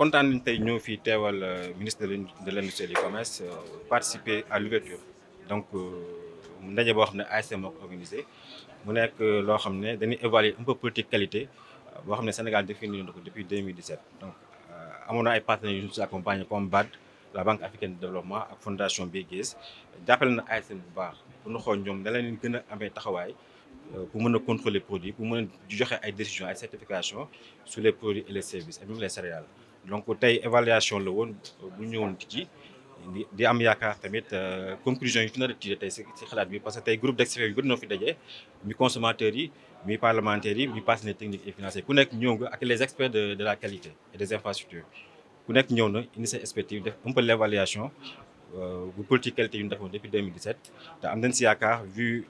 kontaan nañ tay ñoo fi ministre de l'industrie et du commerce euh, participer à l'ouverture donc euh, ndaje bo xamné ne organisé mu nek euh, lo xamné évaluer un peu politique qualité bo xamné Sénégal définir depuis 2017 donc amono ay partenaires yu ñu comme BAD la banque africaine de développement ak fondation Bill d'appel na ASC bu baax pour ñu xool ñom da leen gëna pour contrôler les contrôler produits pour nous des ay décisions ay certifications sur les produits et les services et même les céréales donc tay évaluation la won bu ñewon ci di am yaakaar tamit euh, conclusion yi fi nar a tiré tey C'est xalaat bi parce que un groupe d'experts yu bëri noo fi dajé mi consommateurs yi mi parlementaires yi mi partenaires techniques et financiers ku nek ñew nga ak les experts de de la qualité et des infrastructures ku nek ñew na indi sa l'évaluation def un euh, bu politique qualité yu ñu depuis 2017 te am nañ si yaakaar vu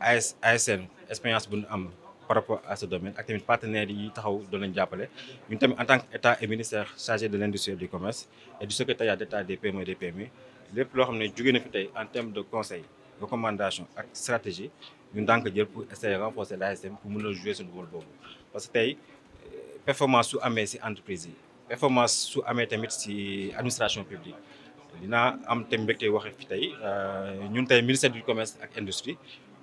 ASN expérience bu ñu am par rapport à ce domaine avec tamit partenaires yi taxaw lañ en tant qu'État et ministère chargé de l'industrie et du commerce et du secrétaire d'état des PME et des PME, nous avons xam en termes de conseils recommandations et stratégie ñun pour essayer de renforcer l'ASM pour mën jouer ce rôle parce que la performance sous Amé, si entreprise La performance su tamit administration publique Nous am fait un waxe fi tey euh, ñun ministère du commerce et industrie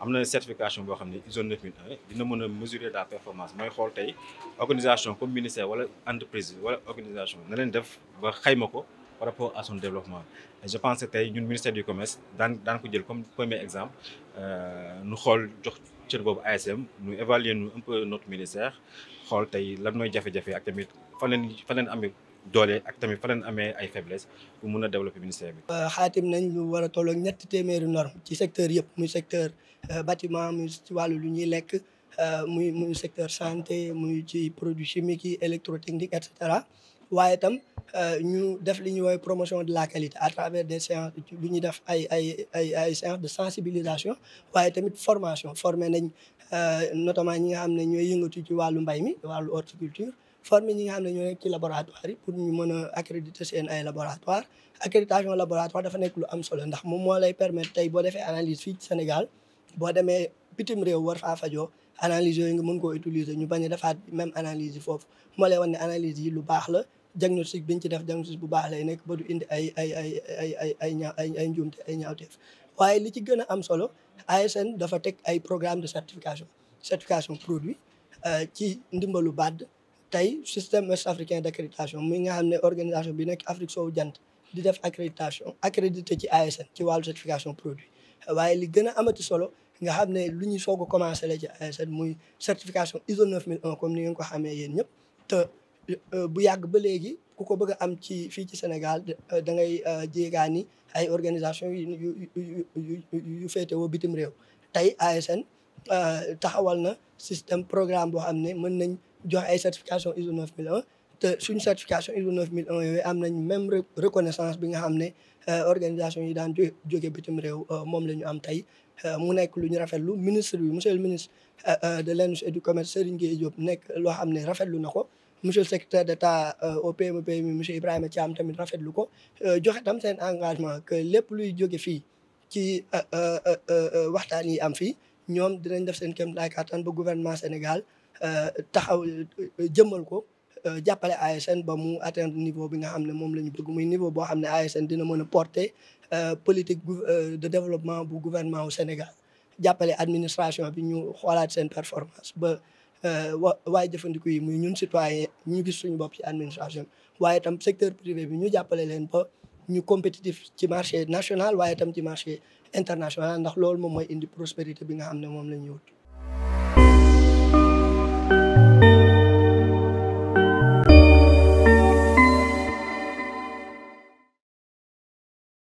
am na certification boo xam ne ISO 9001 dina mën mesurer la performance mooy xool tey organisation comme ministère wala entreprise wala organisation na leen def ba par rapport à son développement je pense que tey ñun ministère du commerce daan daan ko jël comme premier exemple euh, nous xool jox cër boobu ASM nous évaluer un peu notre ministère nous avons lan mooy jafe-jafe ak tamit doole ak tamit fa leen amee ay faiblesses pour mëna développer ministère bi. Euh, xaatim nañ lu wara tolok ñett ak norme ci secteur yépp muy secteur euh, bâtiment muy ci walu lu ñuy lekk euh, muy muy secteur santé muy ci produits chimiques yi électrotechnique et cetera. waaye itam ñu def li ñuy woowee promotion de la qualité à travers des séances lu ñuy def ay ay ay ay séances de sensibilisation waye tamit formation formé nañ notamment ñi nga xam ne yëngatu ci walu mbay mi walu horticulture. former ñi nga xam ne ñoo nekk ci laboratoire pour ñu mën a accréditer seen ay laboratoire accréditation laboratoire dafa nekk lu am solo ndax moom moo lay permettre tey boo defee analyse fii ci Sénégal boo demee bitim réew war faa fajoo analyse yooyu nga mën koo utiliser ñu bañ a defaat même analyse yi foofu moo lay wan ne analyse yi lu baax la diagnostic bi ñu ci def diagnostic bu baax lay nekk ba du indi ay ay ay ay ay ay ñaaw ay ay njuumte ay ñaawteef waaye li ci gën a am solo ASN dafa teg ay programme de certification certification produit euh, ci ndimbalu BAD tey système ouest africain muy nga xam ne organisation bi nekk Afrique soowu jant di def accréditation accrédité ci ASN ci wàllu certification produit waaye li gën a amati solo nga xam ne lu ñu soog a commencé la ci ASN muy certification ISO 9001 comme ni ngeen ko xamee yéen ñëpp te euh, bu yàgg ba léegi ku ko bëgg a am ci fii ci Sénégal euh, da ngay euh, jéegaani ay organisation yu yu yu féete bitim réew tey ASN taxawal na système programme boo xam ne mën nañ joxe ay certification ISO 9001 te une certification ISO 9001 yooyu am nañ même reconnaissance bi nga xam ne euh, organisation yi daan jóge bitim réew euh, moom la ñu am tey euh, mu nekk ministre bi monsieur le ministre de l'industrie et du commerce Serigne Gueye Diop nekk loo xam ne rafetlu monsieur le secrétaire d'État au PME monsieur Ibrahim, Thiam tamit rafetlu ko joxe tam seen engagement que lépp luy jóge qui ci waxtaan yi am fii ñoom dinañ def seen kéem laay kattan ba gouvernement Sénégal Euh, taxaw euh, jëmmal ko euh, jàppale ASN ba mu atteindre niveau bi nga xam ne moom la ñu bëgg muy niveau boo xam ne ASN dina mën a porter politique de développement bu gouvernement au Sénégal jàppale administration bi ñu xoolaat seen performance ba waaye jëfandikoo yi muy ñun citoyen ñu gis suñu bopp ci administration bi waaye tam secteur privé bi ñu jàppale leen ba ñu compétitif ci marché national waaye itam ci marché international ndax loolu moom mooy indi prospérité bi nga xam ne moom la ñuy wut